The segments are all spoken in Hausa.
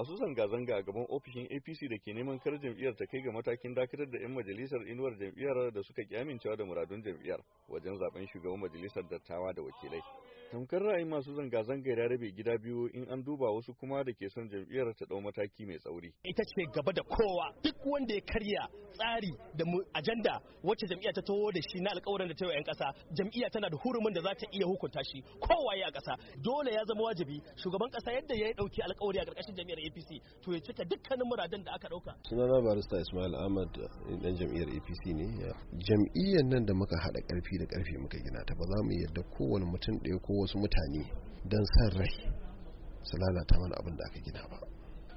masu zanga-zanga a gaban ofishin apc da ke neman kar jam'iyyar ta kai ga matakin dakatar da 'yan majalisar inuwar jam'iyyar da suka ki amincewa da muradun jam'iyyar wajen zaben shugaban majalisar dattawa da wakilai tamkar ra'ayin masu zanga zanga ya rabe gida biyu in an duba wasu kuma da ke son jam'iyyar ta dau mataki mai tsauri ita ce gaba da kowa duk wanda ya karya tsari da ajanda wacce jam'iyya ta taho da shi na alƙawarin da ta yi 'yan ƙasa jam'iyya tana da hurumin da za ta iya hukunta shi kowa ya ƙasa dole ya zama wajibi shugaban ƙasa yadda ya ɗauki alƙawari a ƙarƙashin jam'iyyar APC to ya cika dukkanin muradan da aka ɗauka sunana barista Ismail Ahmad dan eh, jam'iyyar APC ne jam'iyyar nan da muka haɗa ƙarfi da karfi muka gina ta ba za mu yarda kowane mutum ɗaya ko wasu mutane don san rai su lalata mana abin da aka gina ba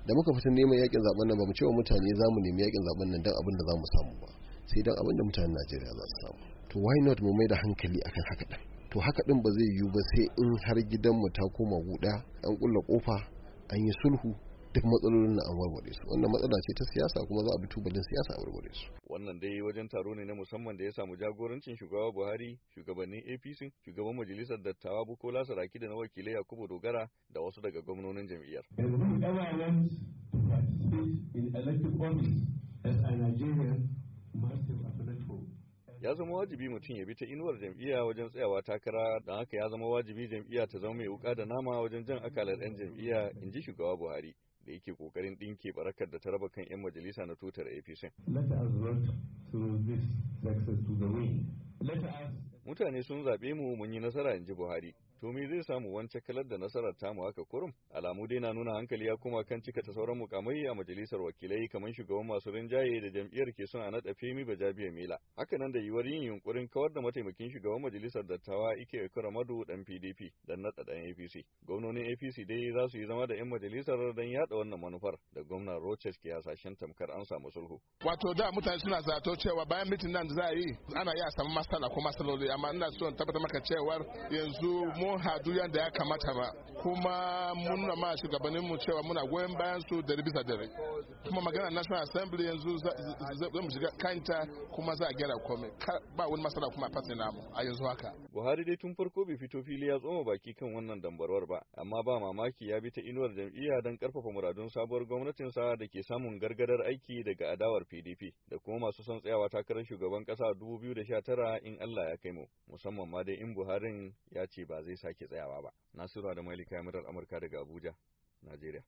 da muka fita neman yakin zaben nan ba mu cewa mutane za mu nemi yakin zaben nan don abin da za mu samu ba sai don abin da mutanen najeriya za su samu to why not mu mai da hankali akan haka ɗin to haka ɗin ba zai yiwu ba sai in har gidanmu ta koma guda an ƙulla kofa an yi sulhu duk matsalolin na an warware su wannan matsala ce ta siyasa kuma za a bi tubalin siyasa a warware su wannan dai wajen taro ne na musamman da ya samu jagorancin shugaba Buhari shugabannin APC shugaban majalisar dattawa Bukola Saraki da na wakilai Yakubu Dogara da wasu daga gwamnonin jam'iyyar ya zama wajibi mutum ya bi ta inuwar jam'iyya wajen tsayawa takara don haka ya zama wajibi jam'iyya ta zama mai wuka da nama wajen jan akalar 'yan jam'iyya in ji shugaba buhari da yake kokarin dinke barakar da ta raba kan 'yan majalisa na tutar APC. Let us work through this to the wind. Let us Mutane sun zaɓe mu mun yi nasara in ji Buhari. To me zai samu wance kalar da nasarar tamu haka kurum? Alamu dai na nuna hankali ya kuma kan cika ta sauran mukamai a majalisar wakilai kamar shugaban masu rinjaye da jam'iyyar ke suna naɗa Femi Bajabiya mila. Haka nan da yiwuwar yin yunkurin kawar da mataimakin shugaban majalisar dattawa Ike madu dan PDP dan naɗa dan APC. Gwamnonin APC dai za su yi zama da 'yan majalisar don yaɗa wannan manufar da gwamnan Roches ke hasashen tamkar an samu sulhu. Wato da mutane suna zato cewa bayan mitin nan za a yi ana iya samu masala ko masaloli amma ina so in tabbatar maka cewar yanzu mun hadu yadda ya kamata ba kuma mun na ma shugabannin mu cewa muna goyon bayan su da bisa dare kuma magana national assembly yanzu za mu shiga kanta kuma za a gyara komai ba wani masala kuma a namu a yanzu haka Buhari dai tun farko bai fito fili ya tsoma baki kan wannan dambarwar ba amma ba mamaki ya bi ta inuwar jam'iyya don karfafa muradun sabuwar gwamnatinsa da ke samun gargadar aiki daga adawar PDP da kuma masu son tsayawa takarar shugaban kasa 2019 in Allah ya kai mu musamman ma dai in Buharin ya ce ba zai sake tsayawa ba. Nasiru da Malika murar Amurka daga Abuja, Najeriya.